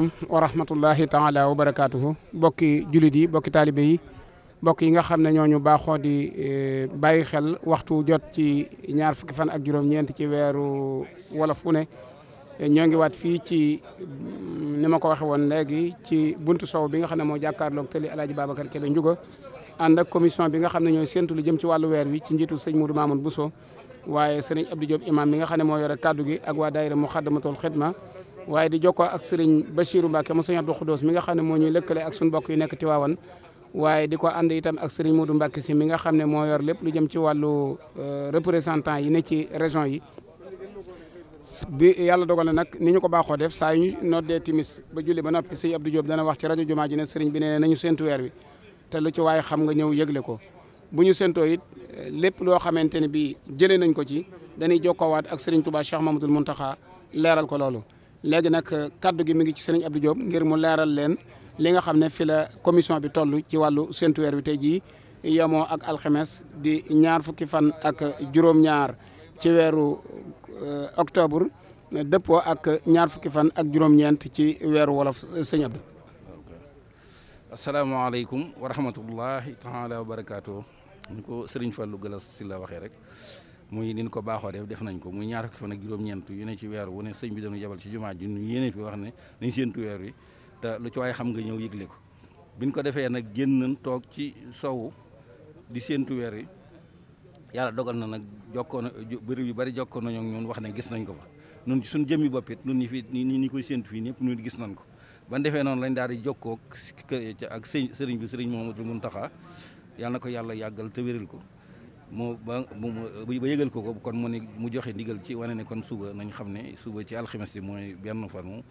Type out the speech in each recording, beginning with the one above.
aleykum wa rahmatullahi taala wa barakaatuhu bokki jullit yi bokki taalibe yi mbokk yi nga xam ne ñooñu baaxoo di eh, bàyyi xel waxtu jot ci ñaar fukki fan ak juróom-ñeent ci weeru wolof wu ne ñoo ngi waat fii ci mm, ni ma ko waxee woon léegi ci buntu sow bi nga xam ne moo jàkkaarloog tëli alaaji Babacar Kébé Ndiouga ànd ak commission bi nga xam ne ñooy séntu lu jëm ci wàllu weer wi ci njiitu sëñ Moudou Mamoun Bousso waaye sëriñ Abdou Diop imam mi nga xam ne moo yore kaddu gi ak waa daayira Muxaddamatul Xidma waaye di jokkoo ak sëriñ Bachirou Mbacke mu sëriñ Abdou Khoudous mi nga xam ne moo ñuy lëkkale ak suñu bokk yu nekk Tiwaawan waaye di ko ànd itam ak sëriñ Modou Mbacke si mi nga xam ne moo yor lépp lu jëm ci wàllu euh, représentant yi ne ci région yi bi yàlla dogal nag ni ñu ko baaxoo def saa yu ñu noddee timis ba julli ba noppi sëñ Abdou Diop dana wax ci rajo Jumaa ji ne sëriñ bi ne nañu séntu weer wi te lu ci waaye xam nga ñëw yëgle ko bu ñu séntoo it lépp loo xamante ne bii jëlee nañ ko ci dañuy jokkoowaat ak sëriñ Touba Cheikh Mamadou Mountakha leeral ko loolu léegi nag euh, kaddu gi mi ngi ci sëriñ Abdou Diop ngir mu leeral leen li nga xam ne fi la commission bi toll ci wàllu séntu weer wi tey jii yemoo ak alxemes di ñaar fukki fan ak juróom-ñaar ci weeru euh, octobre dëppoo ak ñaar fukki fan ak juróom-ñeent ci weeru wolof euh, sëñ Abdou. asalaamaaleykum wa rahmatullahi taala wa barakaatu. ñu ko sëriñ fallu Galas si la waxee rek. muy ni ñu ko baaxoo def def nañ ko muy ñaar fukki fan ak juróom-ñeent yu ne ci weer wu ne sëñ bi dañu jabal ci jumaa ji ñu yéene fi wax ne nañ séentu weer wi te lu ci waaye xam nga ñëw yëgle ko bi biñ ko defee nag génn toog ci sowu di séentu weer wi yàlla dogal na nag jokkoon bëri yu bari jokkoon nañoo ñun wax ne gis nañ ko fa nun suñ jëmmi boppit nun ñi fi ñi ñi koy séentu fii ñëpp ñun gis nañ ko ban defee noonu lañ daal di jokkoo ak sëriñ bi sëriñ Mouhamadou taxa yàlla na ko yàlla yàggal te wéral ko mu ba mu ba yëgal ko ko kon mu ne mu joxe ndigal ci wane ne kon suba nañ xam ne suuba ci alxames ji mooy benn fanu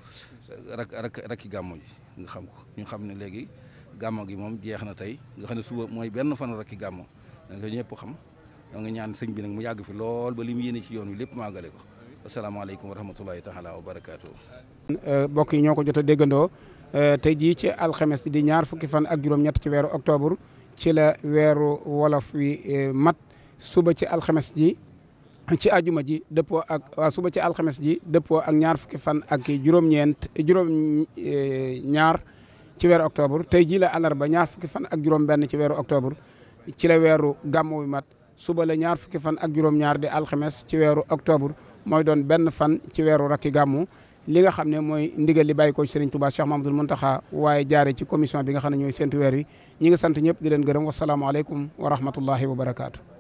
rak rak rakki gàmmo ji nga xam ko ñu xam ne léegi gàmmo gi moom jeex na tey nga xam ne suba mooy benn fanu rakki gàmmo da nga ñëpp xam da nga ñaan sëñ bi nag mu yàgg fi lool ba li mu yéene ci yoon wi lépp maagale ko asalaamaaleykum wa rahmatulahi taala wa barakaatu. Euh, mbokk yi ñoo ko jot a déggandoo euh, tey jii ci alxames di ñaar fukki fan ak juróom-ñett ci weeru octobre ci la weeru wolof wi euh, mat. suba ci alxemes ji ci ajuma ji dëppoo ak suba ci alxemes ji dëppoo ak ñaar fukki fan ak juróom-ñeent juróom ñaar ci weeru octobre tey jii la àllarba ñaar fukki fan ak juróom-benn ci weeru octobre ci la weeru gàmmu bi mat suba la ñaar fukki fan ak juróom-ñaar di alxemes ci weeru octobre mooy doon benn fan ci weeru rakki gàmmu li nga xam ne mooy ndigal li bàyyi ko ci Serigne Touba Cheikh Mamadou Mountakha waaye jaare ci commission bi nga xam ne ñooy séntu weer wi ñi ngi sant ñëpp di leen gërëm wasalaamaaleykum wa rahmatullahi wa barakaatu.